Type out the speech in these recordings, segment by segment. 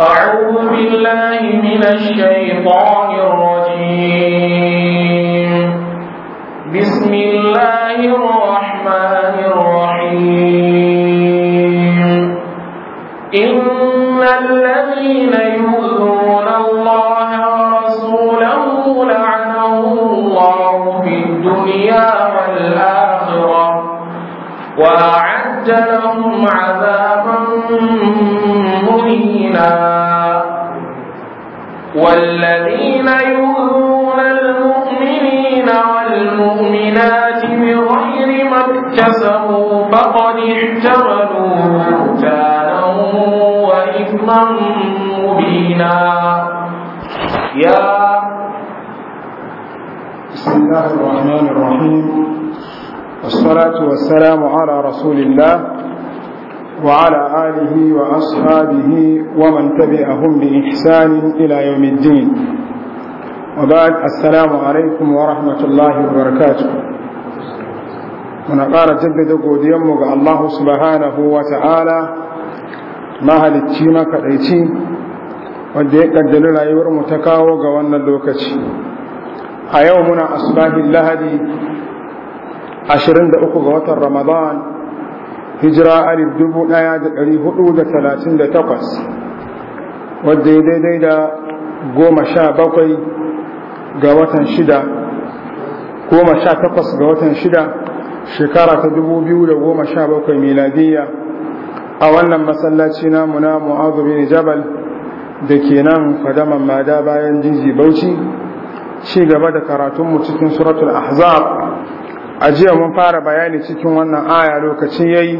أعوذ بالله من الشيطان الرجيم بسم الله الرحمن الرحيم إن الذين يؤذون الله ورسوله لعنهم الله في الدنيا والآخرة وأعد لهم عذابا مهينا والذين يؤذون المؤمنين والمؤمنات بغير ما اكتسبوا فقد احتملوا بهتانا وإثما مبينا يا بسم الله الرحمن الرحيم والصلاة والسلام على رسول الله وعلى آله وأصحابه ومن تبعهم بإحسان إلى يوم الدين وبعد السلام عليكم ورحمة الله وبركاته ونقال جبد قود يمك الله سبحانه وتعالى ما هل التيمة كالأيتين وديك الدليل أيور متكاوغ وأن اللوكتي a yau muna asbahin lahadi 23 ga watan ramadan hijira alif dubu ɗaya da ɗari hudu da talatin da takwas wadda ya daidai da goma sha bakwai ga watan shida goma sha takwas ga watan shida shekara ta dubu biyu da goma sha bakwai miladiyya a wannan masallaci namu na mu'azu bin jabal da ke nan fadaman mada bayan jinji bauchi ci gaba da karatunmu cikin suratul ahzab a jiya mun fara bayani cikin wannan aya lokacin yayi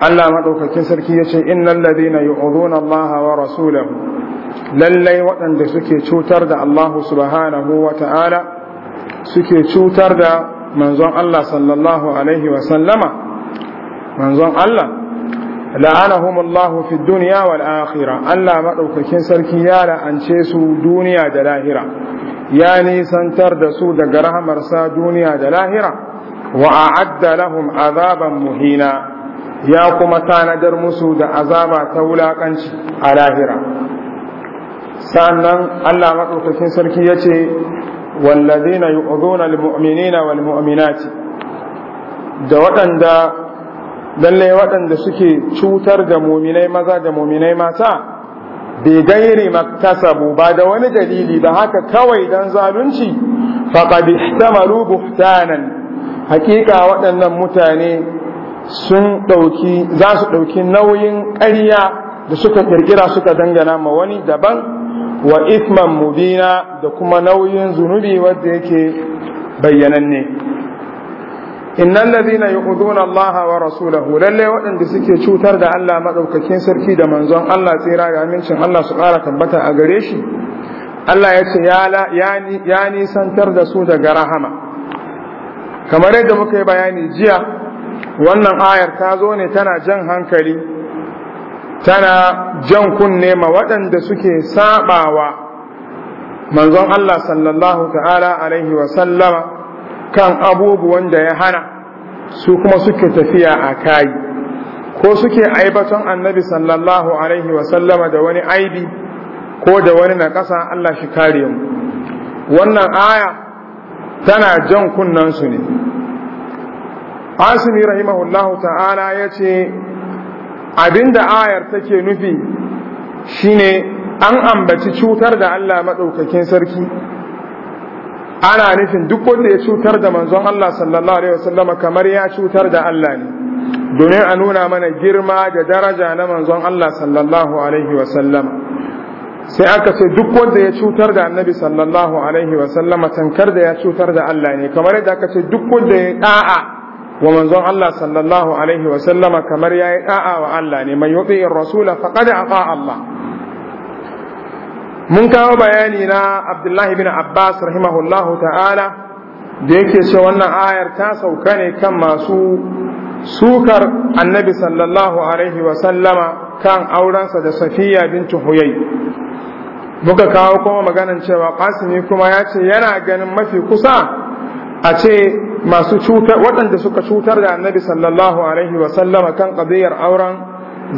Allah madaukakin sarki yace innal ladina yu'dhuna Allah wa rasulahu lallai waɗanda suke cutar da Allah subhanahu wa ta'ala suke cutar da manzon Allah sallallahu alaihi wa sallama manzon Allah la'anahum Allah fi dunya wal akhirah Allah madaukakin sarki ya la'ance su duniya da lahira ya nisantar da su daga rahamarsa duniya da lahira wa lahum lahum azaban muhina ya kuma tanadar musu da azaba ta wulakanci a lahira sannan Allah maɗaukakin sarki ya ce wallazina yu'dhuna almu'minina walmu'minati da waɗanda lalle waɗanda suke cutar da muminai maza da muminai mata bai gairi maktasabu ba da wani dalili ba haka kawai dan zalunci faqad ihtamalu buhtanan hakika waɗannan mutane sun ɗauki za su ɗauki nauyin ƙarya da suka ƙirƙira suka dangana ma wani daban wa isman mubina da kuma nauyin zunubi wadda yake bayyananne innan lazina yu'dhuna Allah wa rasulahu lalle waɗanda suke cutar da Allah maɗaukakin sarki da manzon Allah tsira ga amincin Allah su ƙara tabbata a gare shi Allah ya ce ya nisantar da su daga rahama kamar yadda muka yi bayani jiya wannan ayar ta zo ne tana jan hankali tana jan kunne ma waɗanda suke saɓawa manzon Allah sallallahu ta'ala alaihi wa sallama kan abubuwan da ya hana su kuma suke tafiya a kayi ko suke aibaton annabi sallallahu alaihi wa sallama da wani aibi ko da wani na ƙasa Allah shi kare mu wannan aya tana jan su ne asimi rahimahullahu ta'ala ya ce abinda ayar take nufi shine an ambaci cutar da Allah maɗaukakin sarki ana nufin duk wanda ya cutar da manzon Allah sallallahu alaihi wasallama kamar ya cutar da Allah ne domin a nuna mana girma da daraja na manzon Allah sallallahu alaihi wasallama sai aka ce duk wanda ya cutar da annabi sallallahu alaihi wa sallama tankar da ya cutar da Allah ne kamar yadda aka ce duk wanda ya da'a wa manzon Allah sallallahu alaihi wa sallama kamar ya yi da'a wa Allah ne mai yuti rasula faqad aqa Allah mun kawo bayani na Abdullahi bin Abbas rahimahullahu ta'ala da yake cewa wannan ayar ta sauka ne kan masu sukar annabi sallallahu alaihi wa sallama kan aurensa da Safiya bintu Huyay muka kawo kuma maganar cewa kasimi kuma ya ce yana ganin mafi kusa a ce masu cutar waɗanda suka cutar da annabi sallallahu alaihi wa sallama kan qadiyar auren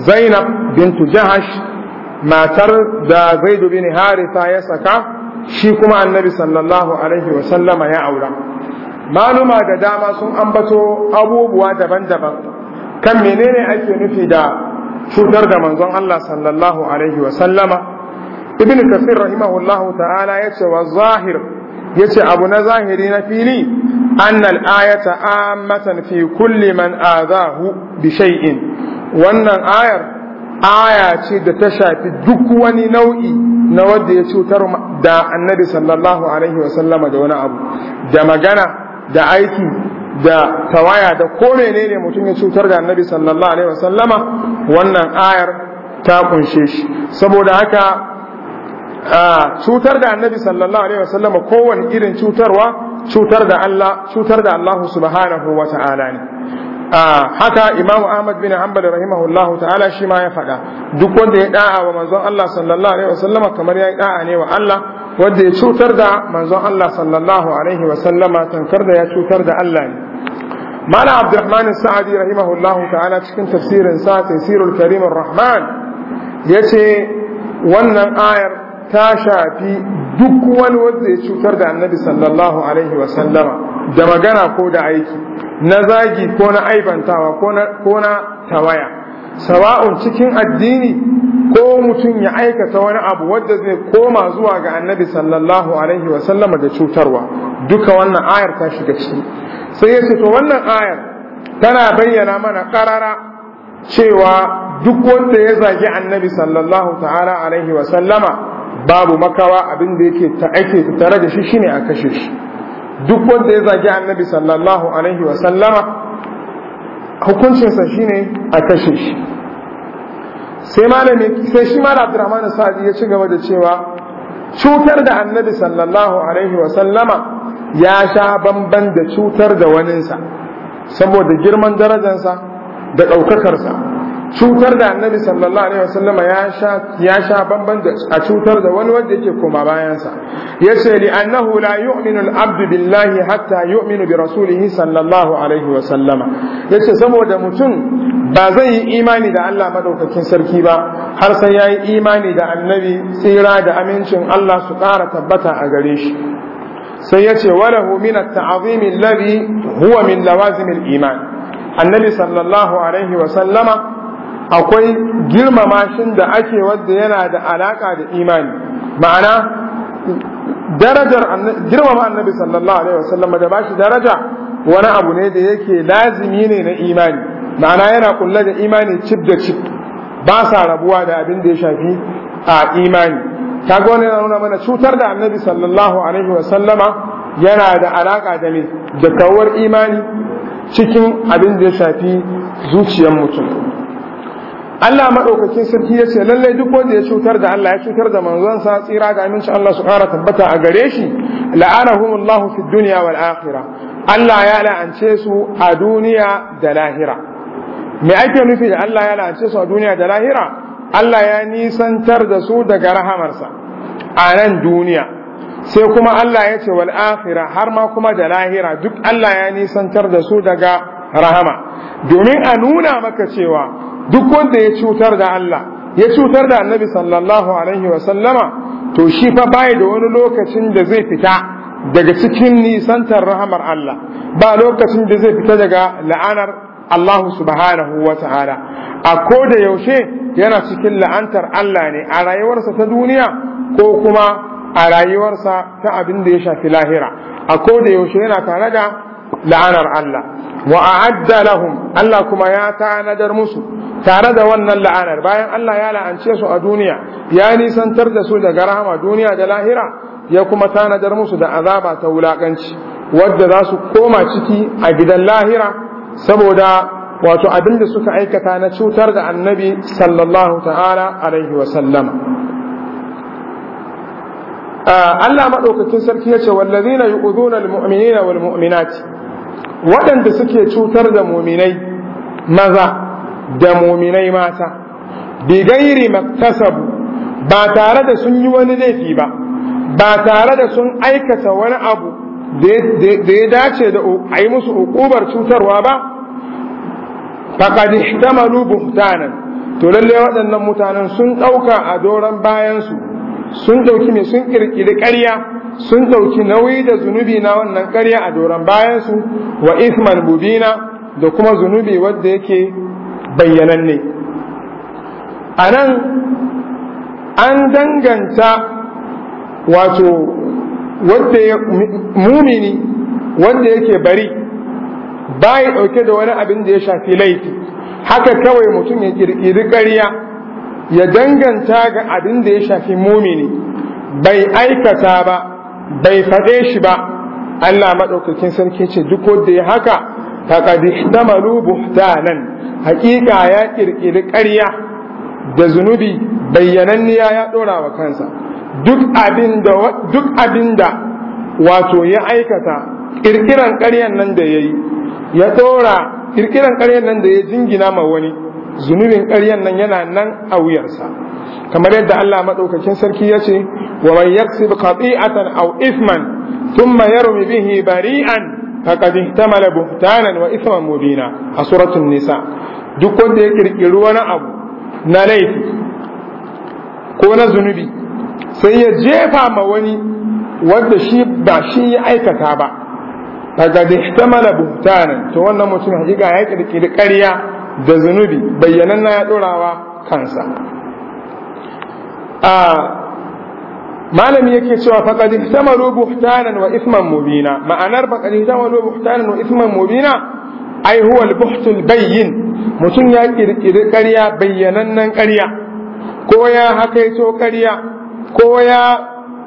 zainab bintu jahash matar da zaidu bin haritha ya saka shi kuma annabi sallallahu alaihi wa sallama ya aura maluma da dama sun ambato abubuwa daban-daban kan menene ake nufi da cutar da manzon Allah sallallahu alaihi wa sallama ibn kasir rahimahullahu ta'ala yace wa zahir yace abu na zahiri na fili annal ayata ammatan fi kulli man azahu bi shay'in wannan ayar aya ce da ta shafi duk wani nau'i na wanda ya cutar da annabi sallallahu alaihi wasallama da wani abu da magana da aiki da tawaya da ko menene mutum ya cutar da annabi sallallahu alaihi wasallama wannan ayar ta kunshe shi saboda haka cutar da annabi sallallahu alaihi wasallam kowane irin cutarwa cutar da Allah cutar da Allah subhanahu wa ta'ala ne haka imamu ahmad bin hanbal rahimahullahu ta'ala shi ma ya faɗa duk wanda ya da'a wa manzon Allah sallallahu alaihi wasallama kamar ya da'a ne wa Allah wanda ya cutar da manzon Allah sallallahu alaihi wasallama tankar da ya cutar da Allah ne mala abdurrahman sa'adi rahimahullahu ta'ala cikin tafsirin sa tafsirul karim rahman yace wannan ayar ta shafi duk wani wanda ya cutar da annabi sallallahu alaihi wasallama da magana ko da aiki na zagi ko na aibantawa ko na tawaya sawa'un cikin addini ko mutum ya aikata wani abu wadda zai koma zuwa ga annabi sallallahu alaihi wasallama da cutarwa duka wannan ayar ta shiga ciki sai ya ce to wannan ayar tana bayyana mana ƙarara cewa duk wanda ya zagi annabi sallallahu ta'ala alaihi wasallama babu makawa abin da yake ta ake tare da shi shine a kashe shi duk wanda ya zagi annabi sallallahu alaihi wa sallama hukuncinsa shine a kashe shi sai malami sai shi malam Abdurrahman Sa'di ya ci gaba da cewa cutar da annabi sallallahu alaihi wa sallama ya sha bamban da cutar da waninsa saboda girman darajarsa da ɗaukakarsa cutar da annabi sallallahu alaihi wasallam ya sha ya sha bamban da a cutar da wani wanda yake koma bayansa yace li annahu la yu'minu al-abdu billahi hatta yu'minu bi rasulihi sallallahu alaihi wasallama yace saboda mutum ba zai yi imani da Allah madaukakin sarki ba har sai yayi imani da annabi tsira da amincin Allah su ƙara tabbata a gare shi sai yace walahu min at-ta'zimi alladhi huwa min lawazim al-iman annabi sallallahu alaihi wasallama akwai girmama shin da ake wanda yana da alaka da imani ma'ana darajar girmama annabi sallallahu alaihi wasallam da bashi daraja wani abu ne da yake lazimi ne na imani ma'ana yana kulle da imani cip da cip ba sa rabuwa da abin da ya shafi a imani kaga wani yana nuna mana cutar da annabi sallallahu alaihi wasallama yana da alaka da ne da kawar imani cikin abin da ya shafi zuciyar mutum Allah madaukakin sarki ya ce lallai duk wanda ya cutar da Allah ya cutar da manzon sa tsira ga amincin Allah su kara tabbata a gare shi la'anahumullahu fid dunya wal akhirah Allah ya la'ance su a duniya da lahira me ake nufi da Allah ya la'ance su a duniya da lahira Allah ya nisantar da su daga rahamarsa a nan duniya sai kuma Allah ya ce wal akhirah har ma kuma da lahira duk Allah ya nisantar da su daga rahama domin a nuna maka cewa duk wanda ya cutar da Allah ya cutar da annabi sallallahu alaihi wa sallama to shi fa bai da wani lokacin da zai fita daga cikin nisantar rahamar Allah ba lokacin da zai fita daga la'anar Allah subhanahu wa ta'ala a ko da yaushe yana cikin la'antar Allah ne a rayuwarsa ta duniya ko kuma a rayuwarsa ta abin da ya shafi lahira a ko da yaushe yana tare da la'anar Allah wa a'adda lahum Allah kuma ya tanadar musu tare da wannan la'anar bayan Allah ya la'ance su a duniya ya nisantar da su daga rahama duniya da lahira ya kuma tanadar musu da azaba ta wulakanci wadda za su koma ciki a gidan lahira saboda wato abin da suka aikata na cutar da annabi sallallahu ta'ala alaihi wa sallama ah, Allah maɗaukakin sarki ya ce wallazina yu'udhuna al-mu'minina wal mu'minati waɗanda suke cutar da muminai maza da muminai mata bigairi maktasabu ba tare da sun yi wani laifi ba ba tare da sun aikata wani abu da ya dace da a yi musu hukubar cutarwa ba faƙaɗi ihtamalu buhtanan to lallai waɗannan mutanen sun ɗauka a doron bayansu sun ɗauki mai sun ƙirƙiri ƙarya sun ɗauki nauyi da zunubi na wannan ƙarya a doron bayansu wa isman bubina da kuma zunubi wadda yake bayyananne a nan an danganta wato wadda ya mumini wadda yake bari bayi ɗauke da wani abin da ya shafi laifi haka kawai mutum ya ƙirƙiri ƙarya ya danganta ga abin da ya shafi mumini bai aikata ba bai faɗe shi ba Allah maɗaukakin sarki ce duk wanda ya haka ta faqad ihtamalu buhtanan hakika ya kirkiri ƙarya da zunubi bayyananniya ya ɗora wa kansa duk abinda duk da wato ya aikata kirkiran ƙaryan nan da yayi ya ɗora kirkiran ƙaryan nan da ya jingina ma wani zunubin ƙaryan nan yana nan a wuyarsa kamar yadda Allah madaukakin sarki ya ce wa man yaksib qati'atan aw ithman thumma yarmi bihi bari'an faqad ihtamala buhtanan wa ithman mubina a suratul nisa duk wanda ya kirkiri wani abu na laifi ko na zunubi sai ya jefa ma wani wanda shi ba shi ya aikata ba faqad ihtamala buhtanan to wannan mutum hakika ya kirkiri ƙarya da zunubi bayyanan na ya ɗorawa kansa malami yake cewa faqad ihtamalu buhtanan wa isman mubina ma'anar faqad ihtamalu buhtanan wa isman mubina ai huwa al-buhtul bayyin mutum ya kirkiri ƙarya nan ƙarya ko ya hakaito ƙarya ko ya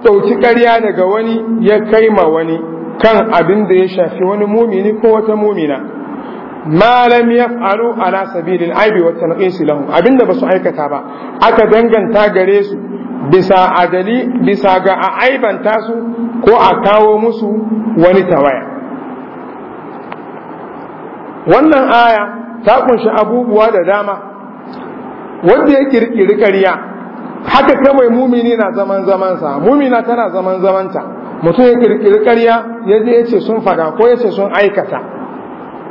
ɗauki ƙarya daga wani ya kai ma wani kan abin da ya shafi wani mumini ko wata mumina ma lam yaf'alu ala sabilil aibi wa tanqis lahum abinda basu aikata ba aka danganta gare su bisa adali bisa ga a aibanta su ko a kawo musu wani tawaya wannan aya ta kunshi abubuwa da dama wanda ya kirkiri ƙarya haka kawai mumini na zaman zamansa mumina tana zaman zamanta mutum ya kirkiri ƙarya yaje yace sun fada ko yace sun aikata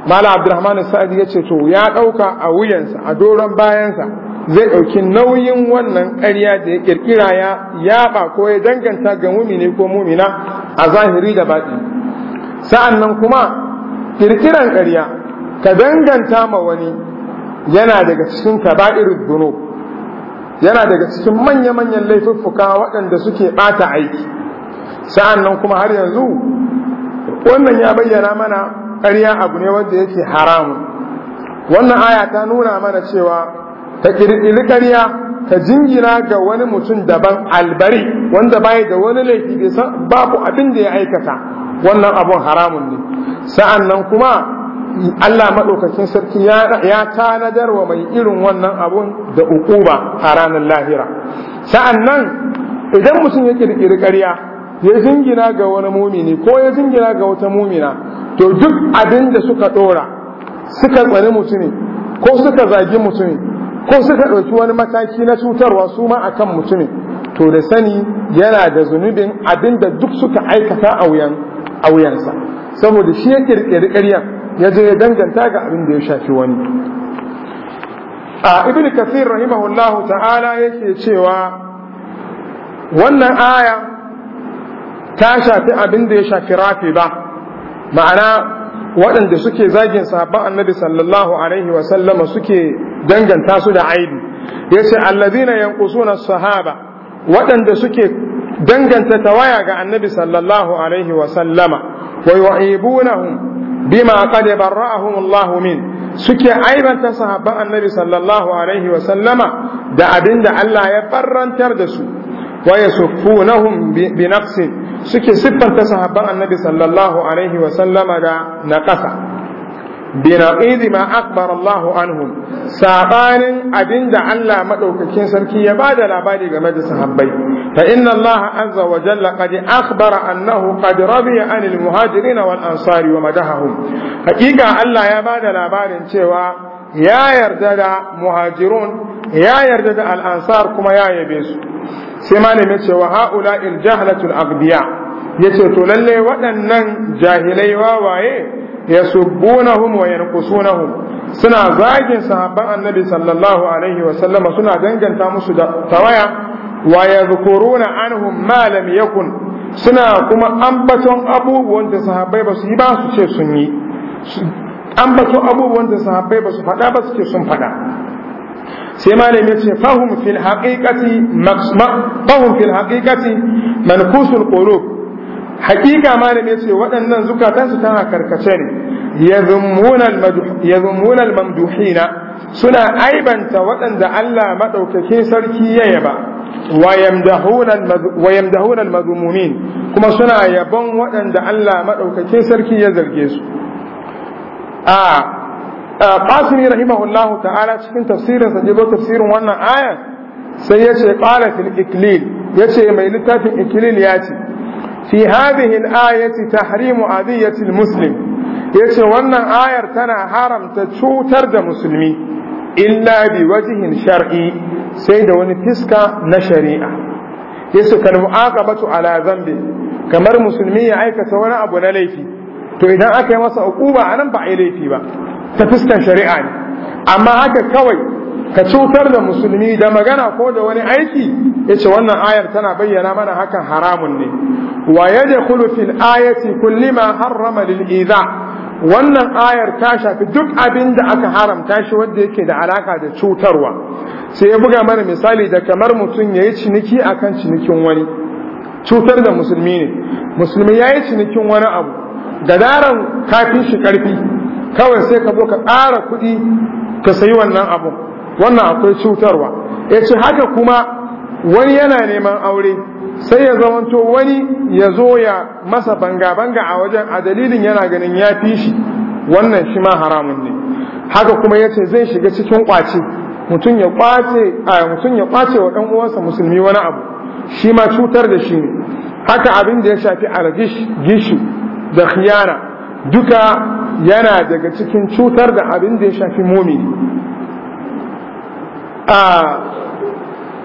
mala abdurrahman Sa'idi ya ce to ya ɗauka a wuyansa a doron bayansa zai ɗauki nauyin wannan ƙarya da ya ƙirƙira ya yaɓa ko ya danganta ga mumini ko mumina a zahiri da baɗi sa'an nan kuma ƙirƙiran ƙarya ka danganta ma wani yana daga cikin kaba'irin duno yana daga cikin manya-manyan laifuffuka waɗanda suke ɓata aiki sa'an nan kuma har yanzu wannan ya bayyana mana ƙarya abu ne wanda yake haramun wannan aya ta nuna mana cewa ta ƙirƙiri ƙarya ta jingina ga wani mutum daban albari wanda bai da wani laifi bai san babu abin da ya aikata wannan abun haramun ne sa'an nan kuma Allah maɗaukakin sarki ya tanadar wa mai irin wannan abun da ukuba a ranar lahira sa'an nan idan mutum ya ƙirƙiri ƙarya ya jingina ga wani mumini ko ya jingina ga wata mumina to duk abin da suka ɗora suka tsari ne ko suka zagi ne ko suka ɗauki wani mataki na cutarwa su ma akan ne to da sani yana da zunubin abin da duk suka aikata a wuyansa saboda shi ya ƙirƙiri ya je ya danganta ga abin da ya shafi wani a ibn kafin rahimahullahu ta'ala yake cewa wannan aya ta shafi abin da ya shafi rafi ba ma'ana waɗanda suke zagin sahabban annabi sallallahu alaihi wa sallama suke danganta su da aibi yace allazina yanqusuna sahaba waɗanda suke danganta tawaya ga annabi sallallahu alaihi wa sallama wa yu'ibunahum bima qad barra'ahum Allah min suke aibanta sahabban annabi sallallahu alaihi wa sallama da abinda Allah ya farrantar da su Waya yasuffunahum bi suke siffanta sahabban annabi sallallahu alaihi wa sallama da naqasa bi naqidi ma akbar Allahu anhum sabanin abinda Allah madaukakin sarki ya bada labari game da sahabbai fa inna Allah azza wa jalla qad akhbara annahu qad radiya anil muhajirin wal ansari wa madahahum hakika Allah ya bada labarin cewa ya yarda da muhajirun ya yarda da al'ansar kuma ya yabe su sai malamin cewa ha'ula il jahlatul Abdiya. ya ce to lalle waɗannan jahilai wawaye ya subbunahum wa yanqusunahum suna zagin sahabban annabi sallallahu alaihi wasallama suna danganta musu da tawaya wa na anhum ma yakun suna kuma ambaton abubuwan da sahabbai ba su yi ba su ce sun yi ambaton abubuwan da sahabbai ba su faɗa ba su ce sun faɗa sai malami ce fahum fil haqiqati fahum fil haqiqati mankusul qulub haqiqa ce waɗannan zukatan su tana karkace ne yadhummuna al mamduhina suna aibanta waɗanda Allah madaukake sarki ya yaba wa yamdahuna al mazmumin kuma suna yabon waɗanda Allah madaukake sarki ya zarge su a Eh, qasimi rahimahullahu ta'ala cikin tafsirin sa jibo tafsirin wannan aya sai yace qala fil iklil yace mai littafin iklil yace fi hadhihi al-ayati tahrimu adiyati al-muslim yace wannan ayar tana haramta cutar da musulmi illa bi wajhin shar'i sai da wani fiska na shari'a yace kal mu'aqabatu ala dhanbi kamar musulmi ya aikata wani abu na laifi to idan aka yi masa ba anan ba a yi laifi ba ta fuskar shari'a ne amma haka kawai ka cutar da musulmi da magana ko da wani aiki ya ce wannan ayar tana bayyana mana hakan haramun ne wa ya da kulufin ayati kulli ma harrama lil'iza wannan ayar ta shafi duk abin da aka haramta shi wanda yake da alaka da cutarwa sai ya buga mana misali da kamar mutum ya yi ciniki akan cinikin wani cutar da musulmi ne musulmi ya yi cinikin wani abu da daren kafin shi karfi kawai sai ka zo ka ƙara kuɗi ka sayi wannan abu wannan akwai cutarwa ya ce haka kuma wani yana neman aure sai ya zamanto wani ya zo ya masa banga-banga a wajen a dalilin yana ganin ya fi shi wannan shi ma haramun ne haka kuma ya ce zai shiga cikin ƙwace mutum ya ƙwace wa ɗan uwansa musulmi wani abu shi ma cutar da shi ne haka abin da ya shafi argish gishi da khiyana duka yana daga cikin cutar da abin da ya shafi mumini a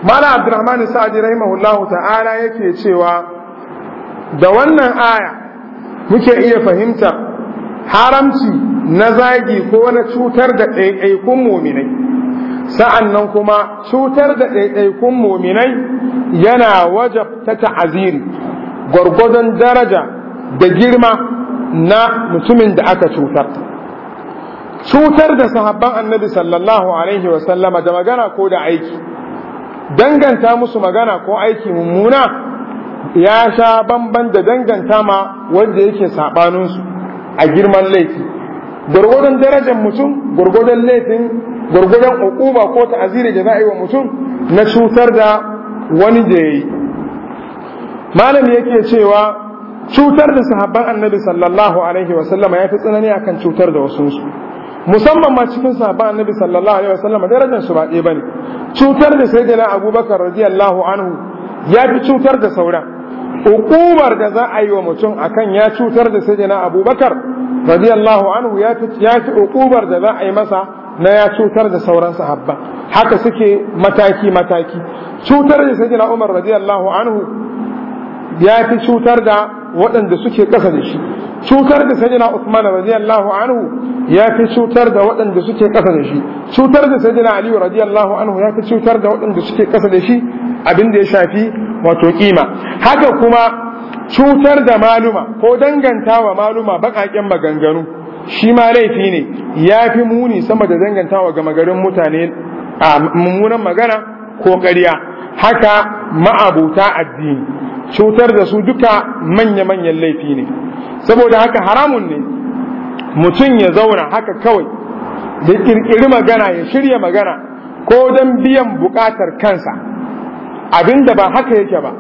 mala abdurrahman sa'adi rahimahullahu ta'ala yake cewa da wannan aya muke iya fahimta haramci na zagi ko na cutar da ɗaiɗaikun muminai sa'annan kuma cutar da ɗaiɗaikun mominai yana ta ta'aziri gwargwadon daraja da girma na mutumin da aka cutar cutar da sahabban annabi sallallahu alaihi wasallama da magana ko da aiki danganta musu magana ko aiki mummuna ya sha bamban da danganta ma wanda yake saɓaninsu a girman laifi gurgudun darajar mutum gurgudun laifin gurgudun ukuba ko ta'aziri da na'iwa mutum na cutar da wani da yayi malam yake cewa cutar da sahabban annabi sallallahu alaihi wasallama ya fi tsanani akan cutar da wasu su musamman ma cikin sahabban annabi sallallahu alaihi wasallama darajar su ba ne bane cutar da sayyidina abubakar radiyallahu anhu ya fi cutar da sauran ukubar da za a yi wa mutum akan ya cutar da sayyidina abubakar radiyallahu anhu ya fi hukumar ukubar da za a yi masa na ya cutar da sauran sahabba haka suke mataki mataki cutar da sayyidina umar radiyallahu anhu ya fi cutar da waɗanda suke ƙasa da shi cutar da sayyidina Usman radiyallahu anhu ya fi cutar da waɗanda suke ƙasa da shi cutar da sayyidina Ali radiyallahu anhu ya fi cutar da waɗanda suke ƙasa da shi abin da ya shafi wato kima haka kuma cutar da maluma ko dangantawa maluma baƙaƙen maganganu shi ma laifi ne ya fi muni sama da dangantawa ga magarin mutane a mummunan magana ko ƙarya haka ma'abuta addini cutar da su duka manya-manyan laifi ne saboda haka haramun ne mutum ya zauna haka kawai da ƙirƙiri magana ya shirya magana ko don biyan buƙatar kansa abinda ba haka yake ba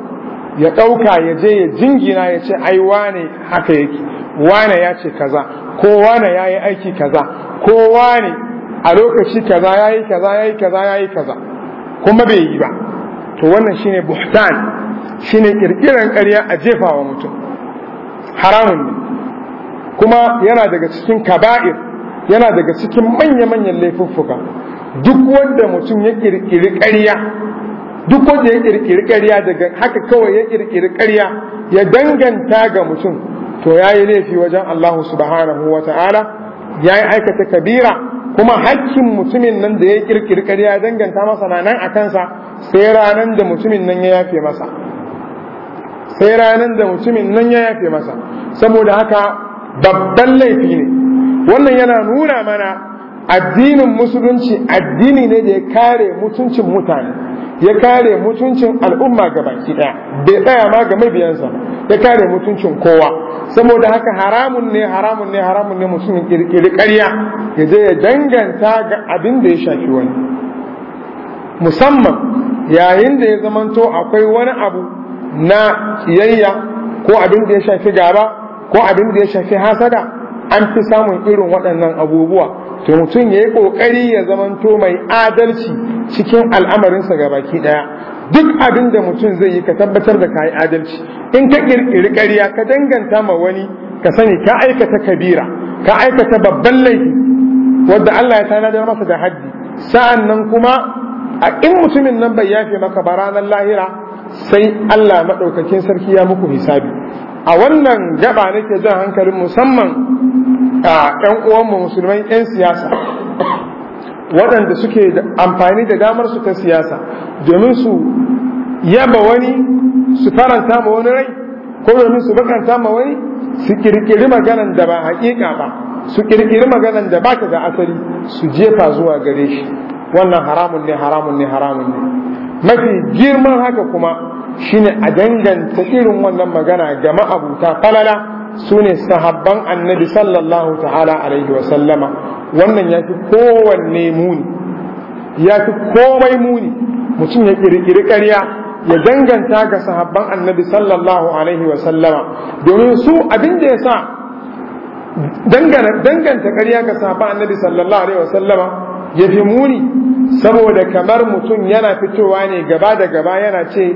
ya ɗauka ya je ya jingina ya ce ai wane haka yake wane ya ce kaza ko wane ya yi aiki kaza ko wane a lokaci kaza ya yi kaza ya yi kaza ya yi kaza kuma bai yi ba to wannan shine buhtan Shi ne ƙirƙirar ƙarya a jefawa mutum haramun ne kuma yana daga cikin kaba'ir yana daga cikin manya-manyan laifuffuka duk wanda mutum ya ƙirƙiri ƙarya duk wanda ya ƙirƙiri ƙarya daga haka kawai ya ƙirƙiri ƙarya ya danganta ga mutum to ya yi laifi wajen Allah subhanahu wa ta'ala ya yi aikata kabira kuma hakkin mutumin nan da ya ƙirƙiri ƙarya ya danganta masa na a kansa sai ranar da mutumin nan ya yafe masa sai ranar da mutumin nan ya yafe masa saboda haka babban laifi ne wannan yana nuna mana addinin musulunci addini ne da ya kare mutuncin mutane ya kare mutuncin al'umma ga baki ɗaya bai tsaya ma ga mabiyansa ya kare mutuncin kowa saboda haka haramun ne haramun ne haramun ne musulmin kirkiri karya ya je ya danganta ga abin da ya shafi wani musamman yayin da ya zamanto akwai wani abu na siyayya ko abin da ya shafi gaba ko abin da ya shafi hasada an fi samun irin waɗannan abubuwa to mutum ya yi ƙoƙari ya zamanto mai adalci cikin al'amarinsa ga baki ɗaya duk abin da mutum zai yi ka tabbatar da ka yi adalci in ka ƙirƙiri ƙarya ka danganta ma wani ka sani ka aikata kabira ka aikata babban laifi wadda Allah ya tanadar masa da haddi sa'an nan kuma a in mutumin nan bai yafe maka ba ranar lahira sai Allah maɗaukakin sarki ya muku hisabi a wannan gaba nake jan hankalin musamman a ƴan uwanmu musulman ƴan siyasa waɗanda suke amfani da damar su ta siyasa domin su yaba wani su faranta ma wani rai ko domin su bakanta ma wani su kirkiri maganan da ba haƙiƙa ba su ƙirƙiri maganan da ba ta da asali su jefa zuwa gare shi wannan haramun ne haramun ne haramun ne mafi girman haka kuma shine a danganta irin wannan magana ga ma'abuta falala su ne sahabban annabi sallallahu ta'ala alaihi wa sallama wannan ya fi kowanne muni ya fi komai muni mutum ya kirkiri ƙarya ya danganta ga sahabban annabi sallallahu alaihi wa sallama domin su abin da ya sa danganta ƙarya ga sahabban annabi sallallahu alaihi wa sallama ya fi muni saboda kamar mutum yana fitowa ne gaba da gaba yana ce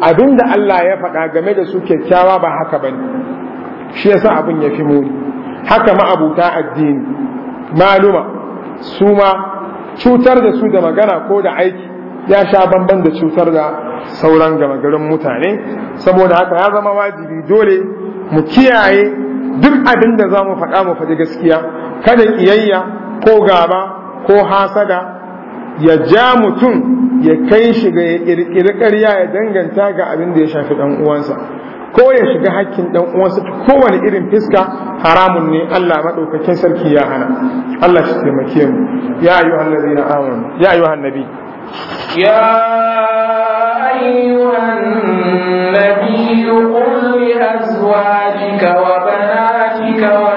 abinda Allah ya faɗa game da su kyakkyawa ba haka bane shi yasa abin ya fi muni haka ma'abuta addini maluma su ma cutar da su da magana ko da aiki ya sha bamban da cutar da sauran gama garin mutane saboda haka ya zama wajibi dole mu kiyaye duk abin da za mu faɗa mu faɗi gaskiya kada ƙiyayya ko gaba ko hasada ya ja mutum ya kai shi ga ya ƙirƙiri ƙarya ya danganta ga abin da ya shafi ɗan'uwansa, ko ya shiga haƙƙin ɗan'uwansa ta kowane irin fiska haramun ne Allah maɗaukakin sarki ya hana Allah shi taimake mu ya yi wa na amanu ya yi wa nabi ya yi wa banatika wa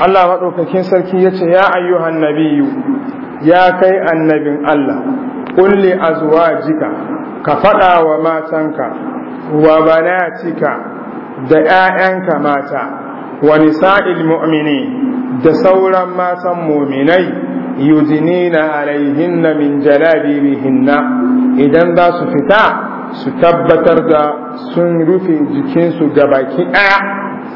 Allah maɗaukakin sarki ya ce, “Ya ayyuhan nabiyu, ya kai annabin Allah, ƙulli a zuwa jika, ka faɗa wa matanka, wa banatika da ‘ya'yanka mata, wa nisa'il mu'mini da sauran matan muminai, yudinina alaihinna min jalabibihinna idan za su fita, su tabbatar da sun rufe jikinsu da baki ɗaya,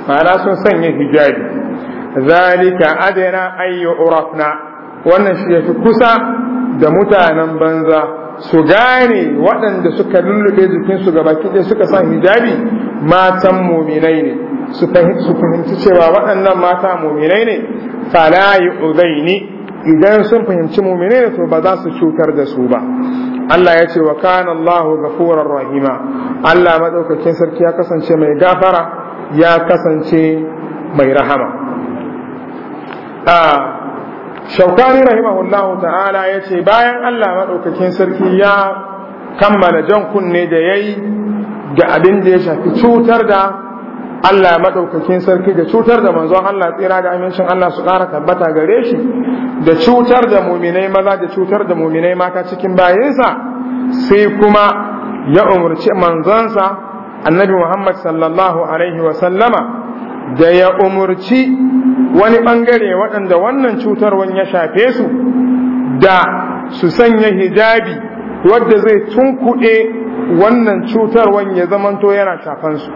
ma'ana sun sanya hijabi. zalika adana ayyu urafna wannan shi yafi kusa da mutanen banza su gane waɗanda suka jikin jikinsu ga baki da suka san hijabi matan muminai ne su fahimci cewa waɗannan mata muminai ne fala ne. idan sun fahimci muminai ne to ba za su cutar da su ba Allah ya ce wa kana Allahu ghafurar rahima Allah madaukakin sarki ya kasance mai gafara ya kasance mai rahama Ah. shaukani rahimahullahu ta'ala ya ce bayan Allah maɗaukakin sarki ya kammala jan kunne da ya yi ga abin da ya shafi cutar da Allah maɗaukakin sarki da cutar da manzon Allah tsira da amincin Allah su ƙara tabbata gare shi da cutar da muminai maza da cutar da muminai mata cikin bayansa sai kuma ya umarci manzonsa annabi Muhammad sallallahu alaihi wa sallama da ya umarci wani ɓangare waɗanda wannan cutarwan ya shafe su da su sanya hijabi wadda zai tunkuɗe wannan cutarwan ya zamanto yana shafansu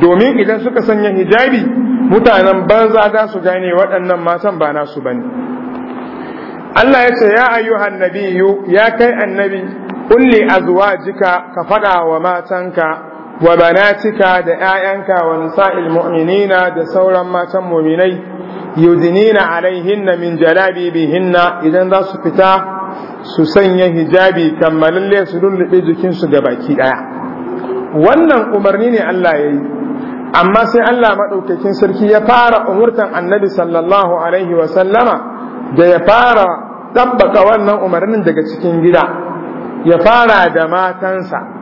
domin idan suka sanya hijabi mutanen banza za su gane waɗannan matan ba nasu ba ne Allah ya ce ya ayyuhan ya kai annabi kulle zuwa jika ka faɗa wa matanka wa banatika da ‘ya'yanka wa nisa'il mu'minina da sauran matan muminai yudinina alaihinna min hinna, idan za su fita su sanya hijabi kammalalle su lullube jikinsu ga baki ɗaya wannan umarni ne Allah ya yi amma sai Allah maɗaukakin sarki ya fara umurtan annabi sallallahu alaihi wa sallama da ya fara tabbaka wannan umarnin daga cikin gida ya fara da matansa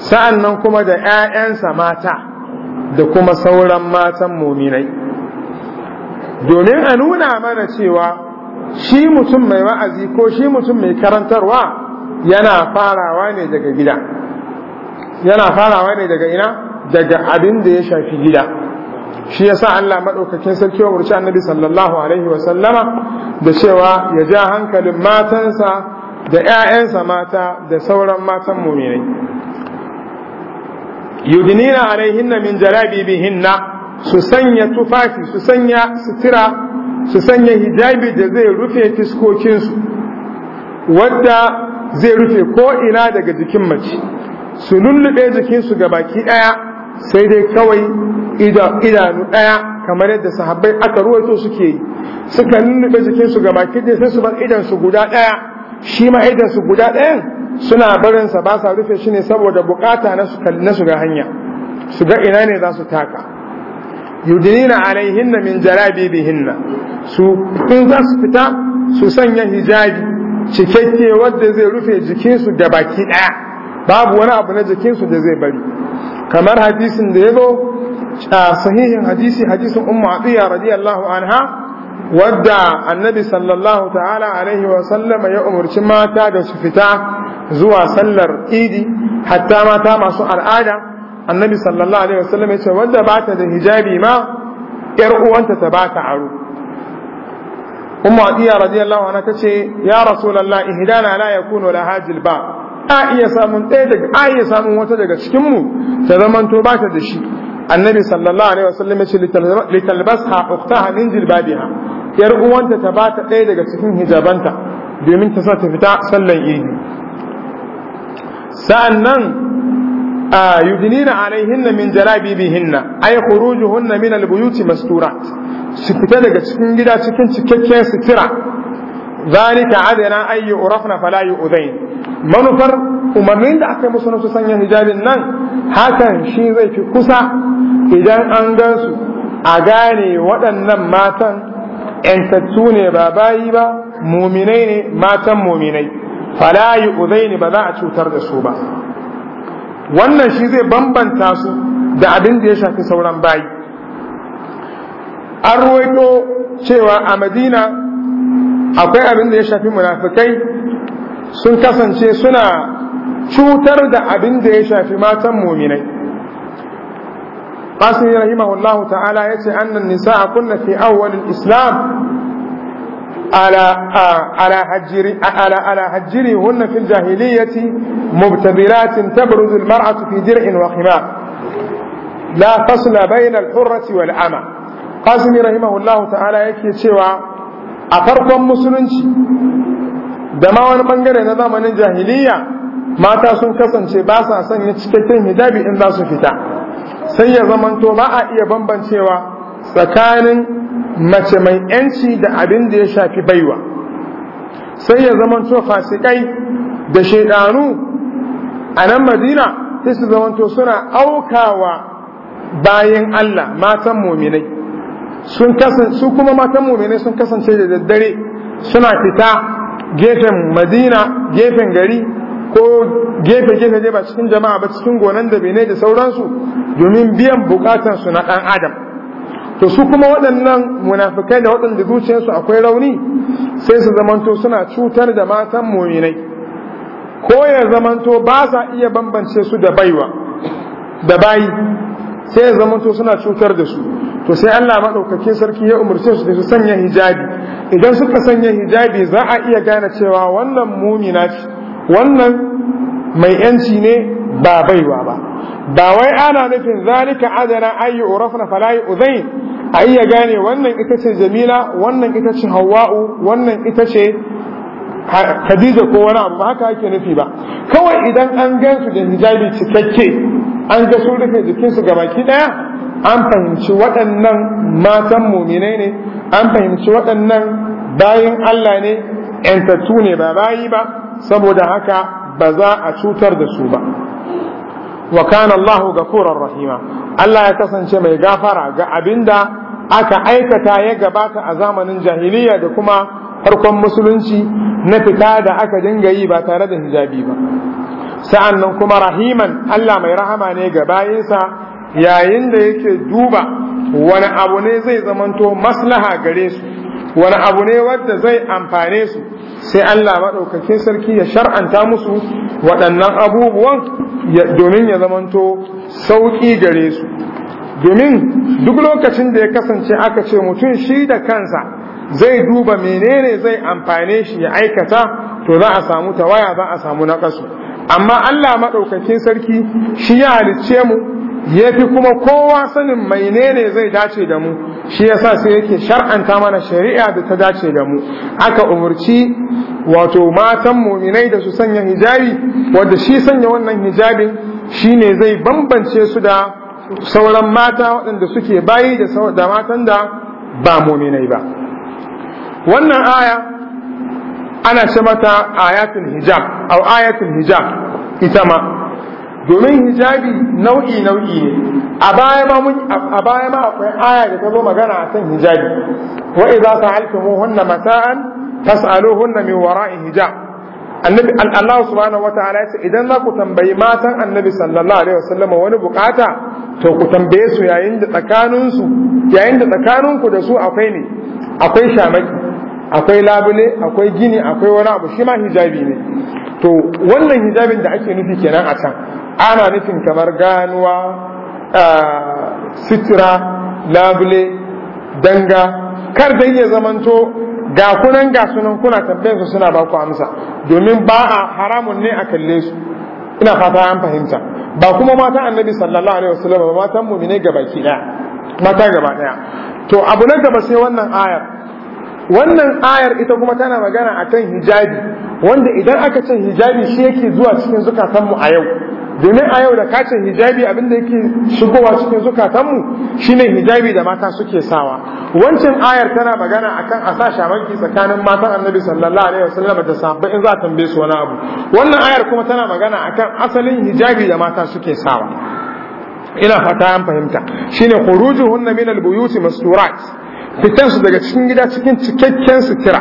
sa'an nan kuma da ‘ya'yansa mata da kuma sauran matan muminai domin a nuna mana cewa shi mutum mai wa'azi ko shi mutum mai karantarwa yana farawa ne daga gida yana farawa ne daga ina daga abin da ya shafi gida shi ya sa Allah maɗaukakin sarki wa murci annabi sallallahu alaihi wasallama da cewa ya ja hankalin matansa da ‘ya'yansa mata da sauran matan muminai yudnina alaihinna min hinna su sanya tufafi su sanya sutura su sanya hijabi da zai rufe fiskokinsu wadda zai rufe ko ina daga jikin mace su lullube jikinsu ga baki ɗaya sai dai kawai idanu ɗaya kamar yadda sahabbai aka ruwaito suke yi suka lullube jikinsu ga baki daya sai su bar idansu guda ɗaya shi ma idansu guda ɗayan suna barinsa ba sa rufe shi ne saboda bukata na su ga hanya su ga ina ne za su taka yudinina alaihinna min jarabi bihin su kun za su fita su sanya hijabi cikakke wadda zai rufe jikinsu da baki ɗaya, babu wani abu na jikinsu da zai bari kamar hadisin da ya zo a sahihin hadisi hadisin ummu atiya radiyallahu anha wadda annabi sallallahu ta'ala alaihi wa sallama ya umarci mata da su fita zuwa sallar idi hatta mata masu al'ada annabi sallallahu alaihi wa sallama ya ce wadda ba ta da hijabi ma yar uwanta ta ba ta aro umma adiya radiyallahu anha tace ya rasulullah ihdana la yakunu laha ba? a iya samun ɗaya daga a iya samun wata daga cikin mu ta zamanto ba ta da shi annabi sallallahu alaihi wasallam bas litalbasha ukhtaha min jilbabiha yar uwanta ta ba ta ɗaya daga cikin hijabanta domin ta sa ta fita sallan idi sa'annan يدنين عليهن من جلابيبهن أي خروجهن من البيوت fita daga cikin gida cikin cikakken sutura zalika adana ay yu'rafna fala yu'zain manufar umarnin da aka yi musu na su sanya hijabin nan hakan shi zai fi kusa idan an gan su a gane waɗannan matan ‘yantattu ne ba bayi ba muminai ne matan muminai falayi uzai uzaini ba za a cutar da su ba wannan shi zai bambanta su da abin da ya shafi sauran bayi an ruwaito cewa a madina akwai abin da ya shafi munafikai sun kasance suna cutar da abin da ya shafi matan muminai ƙasirin rahimahullahu ta'ala ya ce annan nisa a kunna fi awwalin islam ala hajjiri hunna fil jahiliyyati mubtadiratin tabruzul mar'atu fi jir'in wa khima la fasla bayna al-hurrati wal ama ƙasirin rahimahullahu ta'ala yake cewa a farkon musulunci da ma wani bangare na zamanin jahiliya mata sun kasance ba sa sanya cikakken hijabi in za su fita sai ya zamanto ba a iya bambancewa tsakanin mace mai yanci da abin da ya shafi baiwa sai ya zamanto fasikai da shaidanu a nan madina sai su zamanto suna aukawa bayan Allah matan muminai sun su kuma matan muminai sun kasance da daddare suna fita gefen madina gefen gari ko gefe gefe ne ba cikin jama'a ba cikin gonan da bene da sauransu domin biyan bukatansu na ɗan adam to su kuma waɗannan munafikai da waɗanda zuciyarsu akwai rauni sai su zamanto suna cutar da matan muminai ko ya zamanto ba sa iya bambance su da baiwa da bayi sai ya zamanto suna cutar da su to sai Allah maɗaukakin sarki ya umarce su da su sanya hijabi idan suka sanya hijabi za a iya gane cewa wannan mumina ce wannan mai yanci ne ba baiwa ba ba wai ana nufin zalika adana ayi urafna falai uzain? a iya gane wannan ita ce jamila wannan ita ce hawa'u wannan ita ce Khadija ko wani abu haka yake nufi ba kawai idan an gansu da hijabi cikakke an ga sun rufe jikinsu gabaki daya an fahimci waɗannan matan muminai ne an fahimci waɗannan bayan Allah ne ‘yantattu ne ba bayi ba saboda haka ba za a cutar da su ba wa kana Allah gafurar rahima Allah ya kasance mai gafara ga abinda aka aikata ya gabata a zamanin jahiliya da kuma farkon musulunci na fita da aka dinga yi ba tare da hijabi ba sa'an nan kuma rahiman Allah mai rahama ne ga bayinsa yayin da yake duba wani abu ne zai zamanto maslaha gare su wani abu ne wadda zai amfane su sai Allah maɗaukakin sarki ya shar'anta musu waɗannan abubuwan domin ya zamanto sauƙi gare su domin duk lokacin da ya kasance aka ce mutum shi da kansa zai duba menene zai amfane shi ya aikata to za a samu tawaya za a samu naƙasu amma Allah maɗaukakin sarki shi ya halicce mu ya fi kuma kowa sanin menene zai dace da mu shi yasa sai yake shar'anta mana shari'a da ta dace da mu aka umarci wato matan muminai da su sanya hijabi wanda shi sanya wannan hijabin shine zai bambance su da sauran mata waɗanda suke bayi da matan da ba muminai ba wannan aya ana ce mata ayatul hijab au ayatul hijab ita ma domin hijabi nau'i nau'i ne a baya ma mun a baya ma akwai aya da ta zo magana akan hijabi wa idza sa'altumuhunna mata'an fas'aluhunna min wara'i hijab annabi Allah subhanahu wataala ce idan za ku tambayi matan annabi sallallahu alaihi wasallam wani bukata to ku tambaye su yayin da tsakaninku yayin da da su akwai ne akwai shamaki akwai labule akwai gini akwai wani abu shi ma hijabi ne to wannan hijabin da ake nufi kenan a can ana nufin kamar ganuwa sitira, labule danga kar da iya zamanto ga kunan ga sunan kuna tambayar su suna ba ku amsa domin ba a haramun ne a kalle su ina fata an fahimta ba kuma mata annabi sallallahu alaihi wasallam ba matan mu gaba ki daya mata gaba daya to abu na gaba sai wannan ayar wannan ayar ita kuma tana magana akan hijabi wanda idan aka ce hijabi shi yake zuwa cikin zukatanmu a yau domin a yau da kacin hijabi abinda yake shigowa cikin zukatanmu shine hijabi da mata suke sawa wancan ayar tana magana akan a sa shamaki tsakanin matan annabi sallallahu alaihi wasallam da sahabbai in za a tambaye su wani abu wannan ayar kuma tana magana akan asalin hijabi da mata suke sawa ina fata an fahimta shine khurujuhunna min albuyuti masturat fitansu daga cikin gida cikin cikakken sutura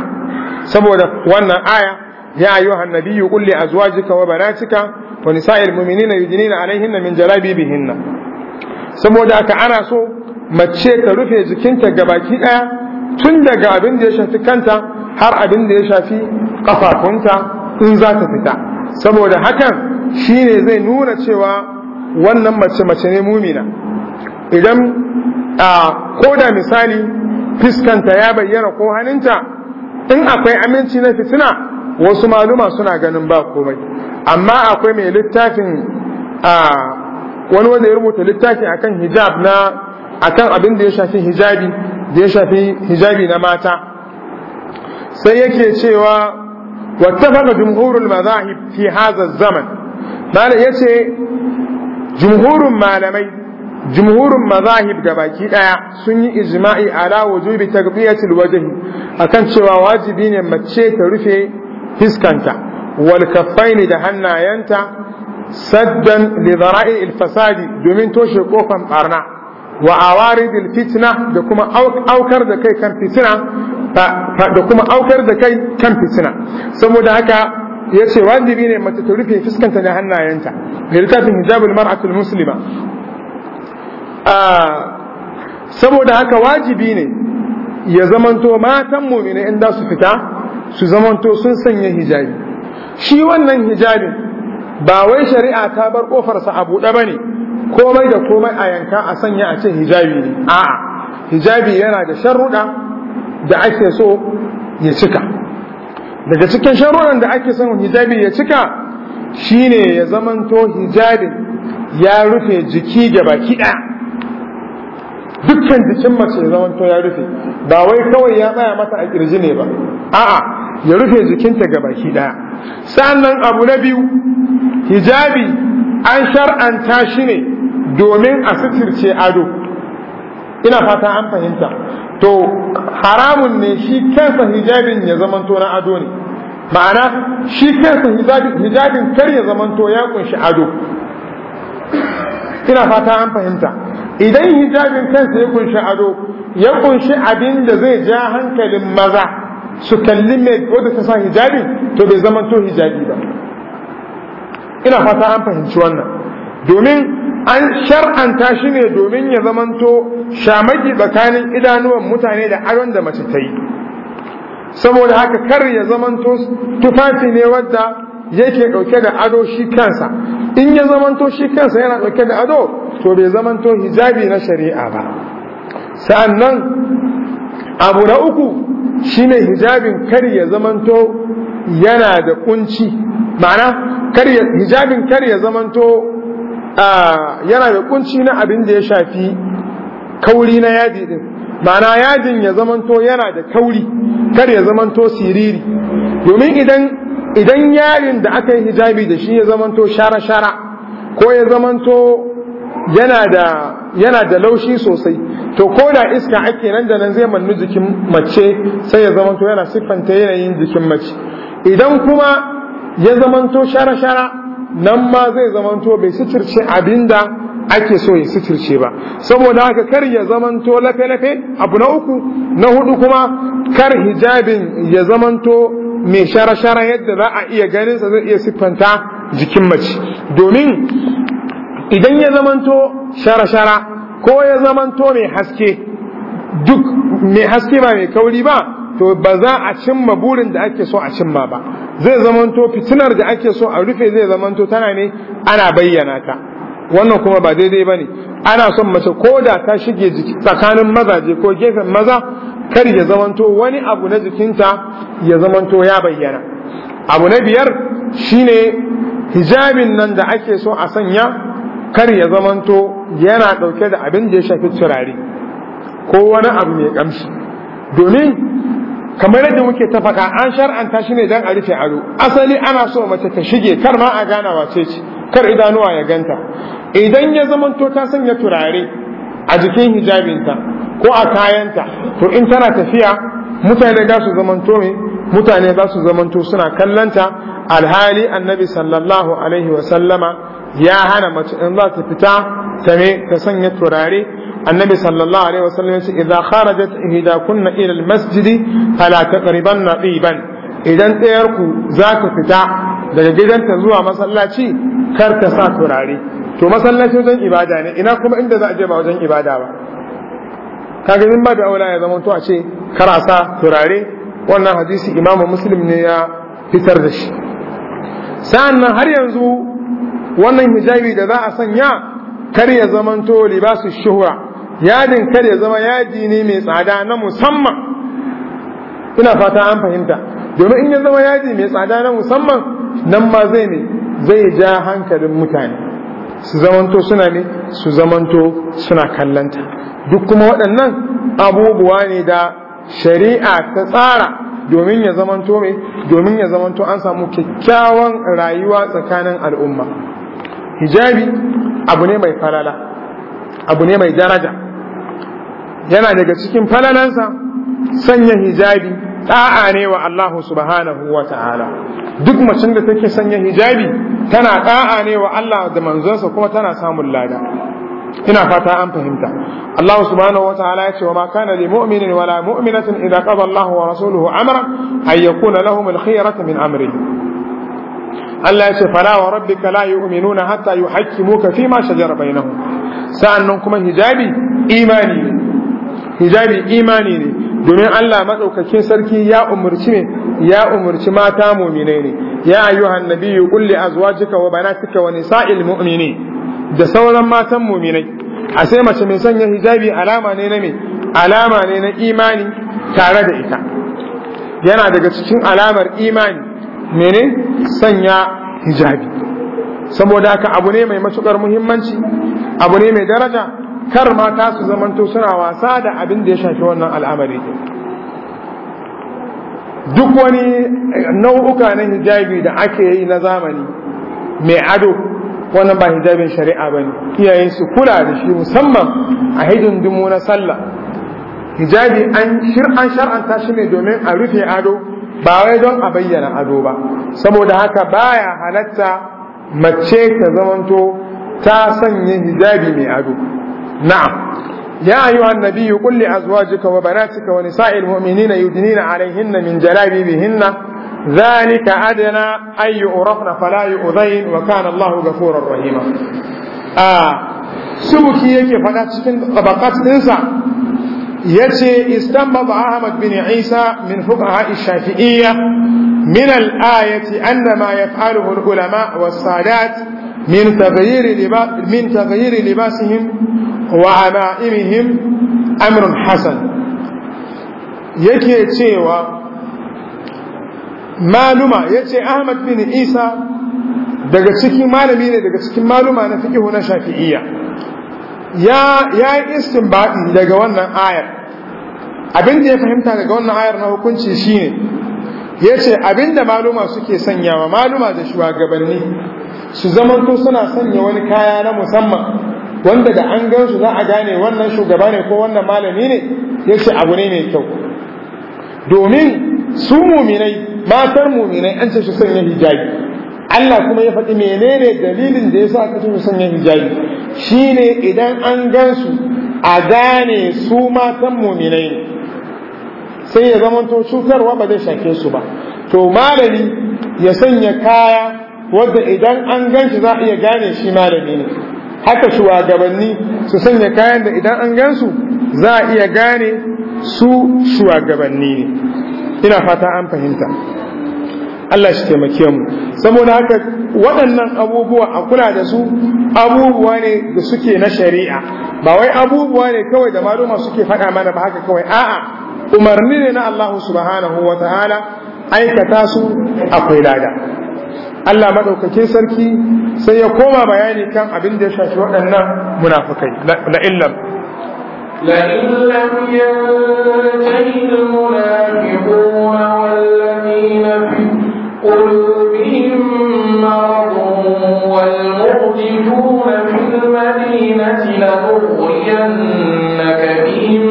saboda wannan aya ya ayu annabiyyu qul li azwajika wa banatika wa nisa'il mu'minina yudnina alaihinna min jalabibihinna saboda aka ana so mace ta rufe jikinta ga baki daya tun daga abin da ya shafi kanta har abin da ya shafi kafafunta in za ta fita saboda hakan shine zai nuna cewa wannan mace mace ne mumina idan a koda misali fiskanta ya bayyana ko haninta in akwai aminci na fitina wasu maluma suna ganin ba komai amma akwai mai littafin a wani wanda ya rubuta littafi akan hijab na akan abin da ya shafi hijabi da ya shafi hijabi na mata sai yake cewa wattafaka jumhurul madahib fi hadha zaman malam yace jumhurun malamai jumhurin mazahib da baki daya sun yi ijma'i ala wujubi tagbiyatil wajhi akan cewa wajibi ne mace ta rufe fiskanta wal kaffaini da hannayenta saddan li dhara'i fasadi domin toshe kofan barna wa awaridil fitna da kuma aukar da kai kan fitina da kuma aukar da kai kan fitina saboda haka ya ce wajibi ne mace ta rufe fuskanta da hannayenta ga littafin hijabul mar'atul muslima Ah. saboda haka wajibi ne ya zamanto matan mumini in su fita su zamanto sun sanya hijabi shi wannan hijabin ba wai shari'a ta bar kofarsa a buɗe ba ne komai da komai a yanka a sanya a ce hijabi ne a'a hijabi yana da sharuɗa da ake so ya cika daga cikin sharuɗan da ake son hijabi ya cika shine ya zamanto hijabin ya rufe jiki gaba ɗaya dukkan jikin mace ya zamanto ya rufe ba wai kawai ya tsaya mata a kirji ne ba a'a ya rufe jikinta ga baki daya sannan abu na biyu hijabi an shar'anta shi ne domin a suturce ado ina fata an fahimta to haramun ne shi kansa hijabin ya zamanto na ado ne ma'ana shi kansa hijabin kar ya zamanto ya kunshi ado ina fata an fahimta idan hijabin kansa ya kunshi ado ya kunshi abin da zai ja hankalin maza su kalli mai wadda ta sa hijabi to bai zama to hijabi ba ina fata an fahimci wannan domin an shar'anta shi ne domin ya zamanto shamaki tsakanin idanuwan mutane da aron da mace ta yi saboda haka kar ya zamanto tufafi ne wadda yake ɗauke da ado shi kansa in ya zamanto shi kansa yana ɗauke da ado to bai zamanto hijabi na shari'a ba sa'annan abu na uku shi ne hijabin kar ya zamanto yana da ƙunci. ma'ana hijabin kar ya zamanto yana da kunci na abin da ya shafi kauri na yadi ɗin. ma'ana yadin ya zamanto yana da kauri kar ya zamanto siriri domin idan idan yarin da aka yi hijabi da shi ya zamanto shara-shara ko ya zamanto yana da laushi sosai to ko da iska ake nan da nan zai mannu jikin mace sai ya zamanto yana siffanta yanayin jikin mace idan kuma ya zamanto shara-shara nan ma zai zamanto bai abin da. ake so ya suturce ba saboda haka kar ya zamanto lafe-lafe abu na uku na hudu kuma kar hijabin ya zamanto mai shara-shara yadda za a iya ganin sa zai iya siffanta jikin mace domin idan ya zamanto shara-shara ko ya zamanto mai haske duk mai haske ba mai kauri ba to ba za a cimma burin da ake so a cimma ba zai zamanto fitinar da ake so a rufe zai zamanto tana ne ana bayyana ta wannan kuma ba daidai ba ne ana son mace ko da ta shige tsakanin mazaje ko gefen maza kar ya zamanto wani abu na jikinta ya zamanto ya bayyana abu na biyar shine hijabin nan da ake so a sanya kar ya zamanto yana ɗauke da abin da ya shafi turare ko wani abu mai ƙamshi domin kamar yadda muke tafaka an shar'anta shi ne don a rufe ado asali ana so mace ta shige kar ma a gana wace ce kar idanuwa ya ganta idan ya zamanto ta sanya turare a jikin hijabinta ko a kayanta to in tana tafiya mutane za su zamanto ne mutane za su zamanto suna kallanta alhali annabi sallallahu alaihi wa sallama ya hana mace in za ta fita ta me ta sanya turare annabi sallallahu alaihi wa sallam yace idza kharajat ihdakunna ila almasjidi fala taqribanna qiban idan ɗayarku ku za ka fita daga gidanta zuwa masallaci kar ta sa turare to masallaci wajen ibada ne ina kuma inda za a je ba wajen ibada ba kaga in ba da aula ya zama to a ce kar a sa turare wannan hadisi imamu muslim ne ya fitar da shi sa'annan har yanzu wannan hijabi da za a sanya kar ya to libasu shuhura yadin kar ya zama yadi ne mai tsada na musamman ina fata an fahimta domin in ya zama yaji mai tsada na musamman nan ma zai ne zai ja hankalin mutane su zamanto suna ne su zamanto suna kallanta duk kuma waɗannan abubuwa ne da shari'a ta tsara domin ya zamanto mai domin ya zamanto an samu kyakkyawan rayuwa tsakanin al'umma hijabi abu ne mai falala abu ne mai daraja yana daga cikin falalansa sanya hijabi da'a ne wa Allah subhanahu wa ta'ala duk macin da take sanya hijabi tana da'a ne wa Allah da manzonsa kuma tana samun lada ina fata an fahimta Allah subhanahu wa ta'ala ya ce wa ma kana li mu'minin wala mu'minatin idza qada Allah wa rasuluhu amra ay yakuna lahum al-khiyaratu min amri Allah ya ce fala wa rabbika la yu'minuna hatta yuhaqqimuka fima shajara bainahum sa'annan kuma hijabi imani hijabi imani ne domin Allah maɗaukakin sarki ya umarci ne ya umarci mata mu'minai ne ya ayyuhan nabiyyu qul li azwajika wa banatika wa nisa'il mu'minin da sauran matan mu'minai a sai mace mai sanya hijabi alama ne na imani tare da ita yana daga cikin alamar imani mene sanya hijabi saboda haka abu ne mai matukar muhimmanci abu ne mai daraja kar mata su zamanto suna wasa da abin da ya shafi wannan al'amari duk wani eh, nau'uka na hijabi da ake yi na zamani mai ado wannan ba hijabin shari'a ba ne iyaye su kula da shi musamman a hijin dumu na sallah hijabi an shar'anta shi ne domin a rufe ado ba wai don a bayyana ado ba saboda haka baya halatta mace ta zamanto ta sanya hijabi mai ado نعم يا أيها النبي قل لأزواجك وبناتك ونساء المؤمنين يدنين عليهن من جلابي بهن ذلك أدنى أن يؤرفن فلا يؤذين وكان الله غفورا رحيما آه سبكي يكي فقط طبقات تنسى يكي استنبط أحمد بن عيسى من فقهاء الشافعية من الآية أن ما يفعله العلماء والسادات من تغيير لباسهم وعمائمهم أمر حسن يكي maluma معلومة يتي أحمد بن Isa daga cikin malami ne daga cikin maluma na fiqihu na shafi'iyya ya ya yi istinbadi daga wannan ayar abin da ya fahimta daga wannan ayar na hukunci shine yace abinda maluma suke sanyawa maluma da shugabanni su zamanto suna sanya wani kaya na musamman wanda da an gan su za a gane wannan shugaba ne ko wannan malami ne ya ce abu ne mai kyau domin sun muminai matar muminai an ce su sanya hijabi Allah kuma ya faɗi menene dalilin da ya sa ka ce su sanya hijabi shine idan an gan su a gane su matan muminai ne sai ya zamanto cutarwa ba zai shake su ba to malami ya sanya kaya wadda idan an ganci za a iya gane shi malami ne haka shugabanni su sanya kayan da idan an gansu za a iya gane su shugabanni ne ina fata an fahimta Allah shi taimake mu saboda haka waɗannan abubuwa a kula da su abubuwa ne da suke na shari'a ba wai abubuwa ne kawai da maluma suke faɗa mana ba haka kawai a'a umarni ne na Allah subhanahu wataala aikata su akwai lada Allah madaukake sarki sai ya koma bayani kan abin da ya shafi waɗannan munafukai la illam la illam yantahi almunafiquna walladhina fi qulubihim maradun والمرجفون في المدينة لنغرينك بهم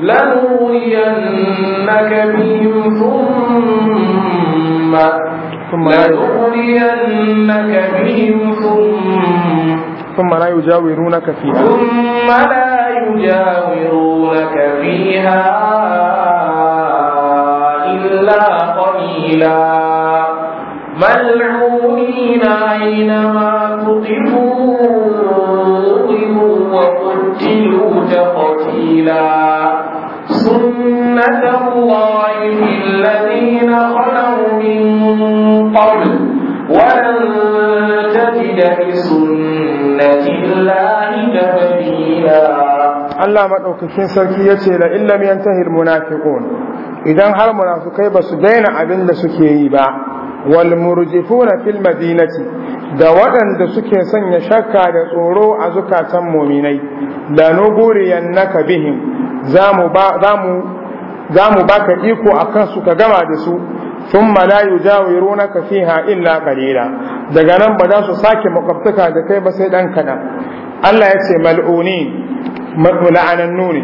لنغرينك بهم ثم ثم لا يغنينك بهم ثم لا يجاورونك فيها ثم لا يجاورونك فيها إلا قليلا ملعونين أينما تقفوا وقتلوا تقتيلا سنة الله في الذين خلوا قبل ولن تجد لسنة الله تبديلا Allah maɗaukakin sarki ya ce la illam yantahil munafiqun idan har munafikai ba su daina abin da suke yi ba wal murjifuna fil madinati da waɗanda suke sanya shakka da tsoro a zukatan muminai la nuguriyannaka bihim za mu ba za mu ba ka baka iko akan su ka gama da su ثم لا يجاورونك فيها illa قليلا daga nan ba za su sake makwabtaka da kai ba sai dan kadan Allah ya ce mal'uni la'anannu ne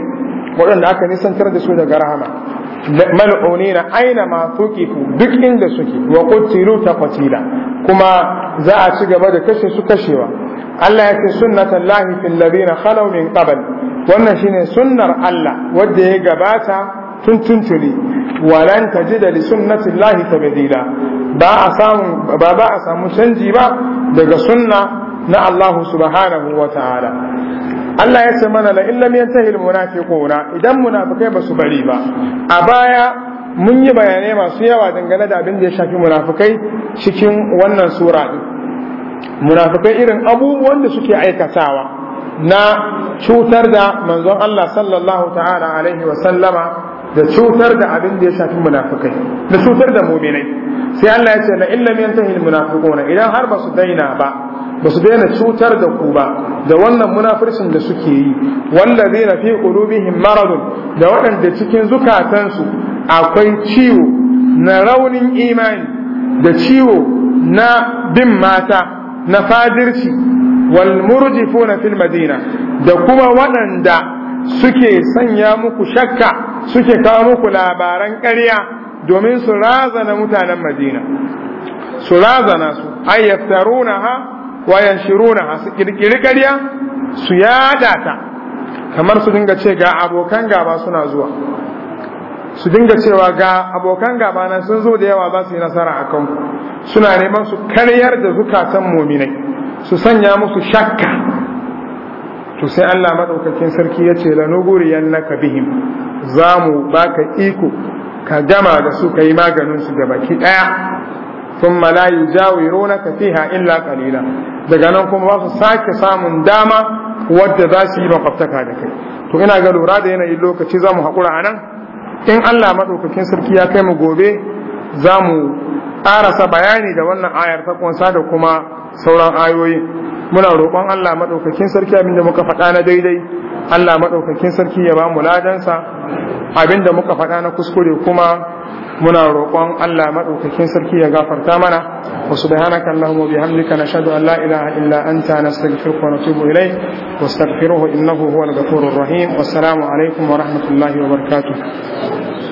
waɗanda aka nisantar da su daga rahama mal'uni na aina ma ku duk inda suke wa qutilu kwatila. kuma za a ci gaba da kashe su kashewa Allah ya ce sunnatan lahi fil ladina khalaw min qabl wannan shine sunnar Allah wanda ya gabata tun tuntuni walan tajida li sunnati llahi tabdila ba a samu ba ba a samu canji ba daga sunna na Allah subhanahu wa ta'ala Allah ya ce mana la illam yantahi almunafiquna idan munafikai basu bari ba a baya mun yi bayanai masu yawa dangane da abin da ya shafi munafikai cikin wannan sura din munafikai irin abubuwan da suke aikatawa na cutar da manzon Allah sallallahu ta'ala alaihi wa sallama da cutar da abin da ya shafi munafikai da cutar da muminai sai Allah ya ce la illam yantahi almunafiquna idan har ba su daina ba ba su daina cutar da ku ba da wannan munafircin da suke yi na fi qulubihim maradun da waɗanda cikin zukatansu akwai ciwo na raunin imani da ciwo na bin mata na fadirci wal murjifuna fil madina da kuma waɗanda suke sanya muku shakka suke kawo muku labaran ƙarya domin su razana mutanen madina su razana su ayyaftaruna ha wayan shiruna ha su ƙirƙiri ƙarya su yada ta kamar su dinga ce ga abokan gaba suna zuwa su dinga cewa ga abokan gaba na sun zo da yawa za su yi nasara a kanku suna neman su karyar da zukatan muminai su sanya musu shakka to sai Allah madaukakin sarki ya ce lanuguriyan naka bihim za mu baka iko ka gama da su ka yi maganin su da baki daya ثم لا ka fiha illa kalila daga nan kuma ba sake samun dama wadda za su yi makwabtaka da kai to ina ga lura da yanayin lokaci za mu haƙura a nan in Allah madaukakin sarki ya kai mu gobe za mu ƙarasa bayani da wannan ayar ta kunsa da kuma sauran ayoyi muna roƙon Allah maɗaukakin sarki abin da muka faɗa na daidai Allah maɗaukakin sarki ya ba mu ladansa abin da muka faɗa na kuskure kuma muna roƙon Allah maɗaukakin sarki ya gafarta mana wa subhanaka allahumma bihamdika nashhadu an la ilaha illa anta nastaghfiruka wa natubu ilayk wastaghfiruhu innahu huwal ghafurur rahim wassalamu alaikum wa rahmatullahi wa barakatuh